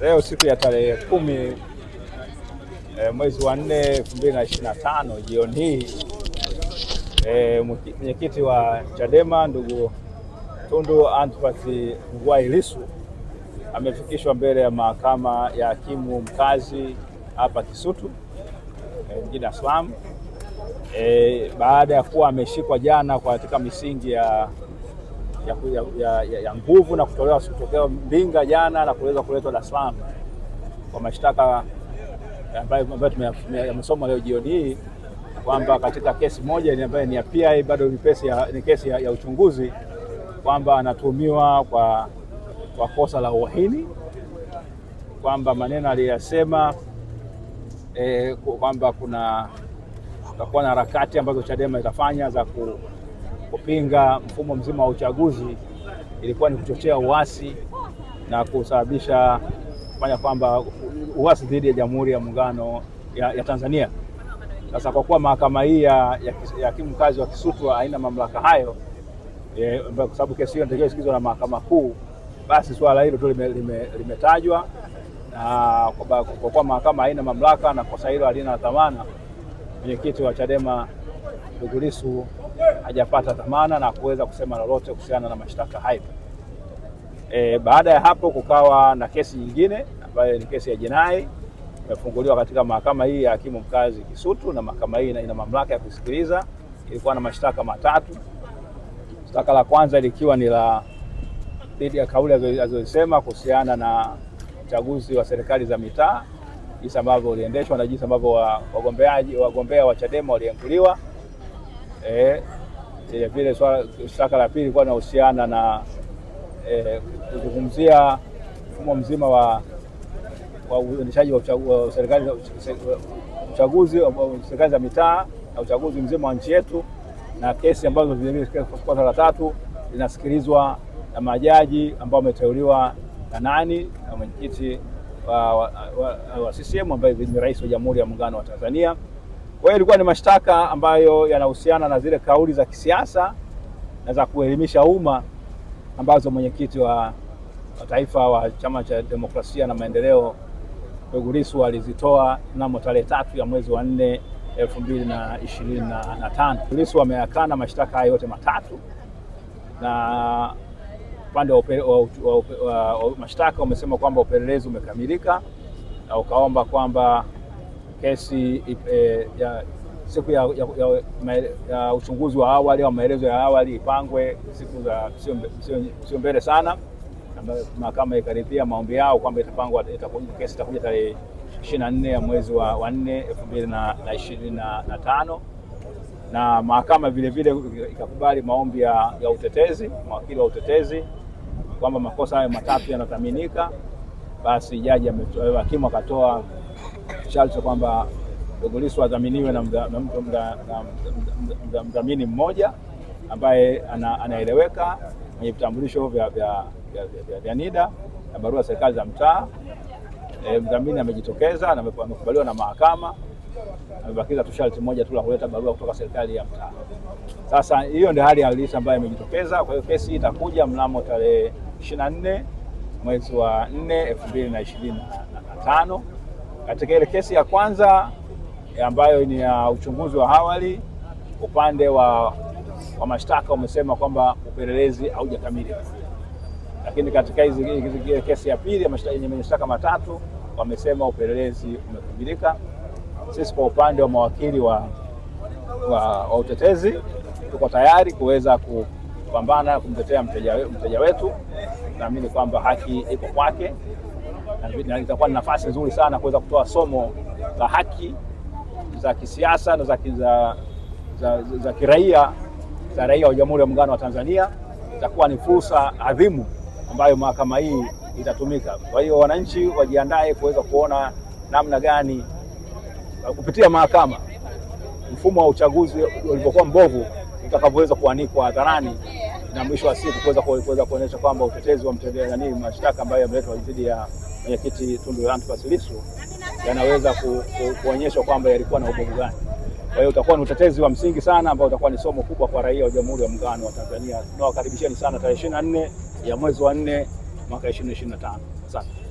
Leo siku ya tarehe kumi e, mwezi wa nne elfu mbili na ishirini na tano jioni hii e, mwenyekiti wa Chadema ndugu Tundu Antipas ngwai Lissu amefikishwa mbele ya mahakama ya hakimu mkazi hapa Kisutu eh, mjini Dar es Salaam e, baada ya kuwa ameshikwa jana katika misingi ya ya, ya, ya, ya nguvu na kutolewa sutokeo Mbinga jana na kuweza kuletwa Dar es Salaam kwa mashtaka ambayo tumesoma leo jioni hii kwamba katika kesi moja ambayo ni ya PI bado ni kesi ya, ya uchunguzi kwamba anatuhumiwa kwa, kwa kosa la uhaini kwamba maneno aliyasema eh, kwamba kuna kutakuwa na harakati ambazo Chadema itafanya za ku kupinga mfumo mzima wa uchaguzi ilikuwa ni kuchochea uasi na kusababisha kufanya kwamba uasi dhidi ya Jamhuri ya Muungano ya, ya Tanzania. Sasa kwa kuwa mahakama hii ya, ya hakimu mkazi wa Kisutu haina mamlaka hayo e, kwa sababu kesi hiyo inatakiwa isikizwe na mahakama kuu, basi swala hilo tu limetajwa na kwa kuwa mahakama haina mamlaka na kosa hilo halina dhamana, mwenyekiti wa Chadema ndugu Lissu hajapata dhamana na kuweza kusema lolote kuhusiana na mashtaka hayo. E, baada ya hapo kukawa na kesi nyingine ambayo ni kesi ya jinai imefunguliwa katika mahakama hii ya hakimu mkazi Kisutu, na mahakama hii ina mamlaka ya kusikiliza. Ilikuwa na mashtaka matatu, shtaka la kwanza likiwa ni la dhidi ya kauli alizosema kuhusiana na uchaguzi wa serikali za mitaa, jinsi ambavyo uliendeshwa na jinsi ambavyo wagombeaji wagombea wa Chadema walianguliwa eh, vile vile shtaka la pili ilikuwa inahusiana na eh, kuzungumzia eh, mfumo mzima wa wa uendeshaji wa serikali uchaguzi serikali za mitaa na uchaguzi mzima wa nchi yetu, na kesi ambazo vilevile kosa la tatu zinasikilizwa na majaji ambao wameteuliwa na nani na mwenyekiti wa, wa, wa, wa CCM ambaye ni rais wa Jamhuri ya Muungano wa Tanzania. Kwa hiyo ilikuwa ni mashtaka ambayo yanahusiana na zile kauli za kisiasa na za kuelimisha umma ambazo mwenyekiti wa, wa taifa wa Chama cha Demokrasia na Maendeleo ndugu Lissu alizitoa mnamo tarehe tatu ya mwezi wa nne elfu mbili na ishirini na tano. Lissu ameyakana mashtaka hayo yote matatu na upande wa, wa, wa, wa, wa mashtaka umesema kwamba upelelezi umekamilika na ukaomba kwamba kesi e, ya siku ya, ya, ya, ya uchunguzi wa awali au maelezo ya awali ipangwe siku za sio mbele sana, mahakama ikaridhia maombi yao kwamba itapangwa kesi itakuja tarehe ishirini na nne ya mwezi wa nne elfu mbili na ishirini na tano na mahakama vile vile ikakubali maombi ya, ya utetezi mawakili wa utetezi kwamba makosa hayo matatu yanathaminika Basi jaji hakimu akatoa kishauri cha kwamba Dogo Lissu adhaminiwe na mdhamini mmoja ambaye anaeleweka mwenye vitambulisho vya NIDA na barua serikali za mtaa. E, mdhamini amejitokeza na amekubaliwa na mahakama, amebakiza tu sharti moja tu la kuleta barua kutoka serikali ya mtaa. Sasa hiyo ndio hali halisi ambayo imejitokeza. Kwa hiyo kesi itakuja mnamo tarehe 24 mwezi wa 4 2025. Katika ile kesi ya kwanza ambayo ni ya uchunguzi wa awali, upande wa, wa mashtaka umesema kwamba upelelezi haujakamilika, lakini katika hizi kesi ya pili yenye mashtaka matatu wamesema upelelezi umekamilika. Sisi kwa upande wa mawakili wa, wa, wa utetezi tuko tayari kuweza kupambana kumtetea mteja, mteja wetu. Naamini kwamba haki iko kwake na itakuwa ni nafasi nzuri sana kuweza kutoa somo za haki za kisiasa na za, za, za, za kiraia za raia wa Jamhuri ya Muungano wa Tanzania. Itakuwa ni fursa adhimu ambayo mahakama hii itatumika. Kwa hiyo wananchi wajiandae kuweza kuona namna gani uh, kupitia mahakama mfumo wa uchaguzi ulivyokuwa mbovu utakavyoweza kuanikwa hadharani na mwisho wa siku kuweza kuonyesha kwamba utetezi wa mtendea nani mashtaka ambayo yameletwa dhidi ya mwenyekiti Tundu Antipas Lissu yanaweza ku, ku, kuonyeshwa kwamba yalikuwa na ubovu gani. Kwa hiyo utakuwa ni utetezi wa msingi sana ambao utakuwa ni somo kubwa kwa raia wa Jamhuri ya Muungano wa Tanzania. Tunawakaribisheni sana tarehe 24 ya mwezi wa 4 mwaka 2025. Asante.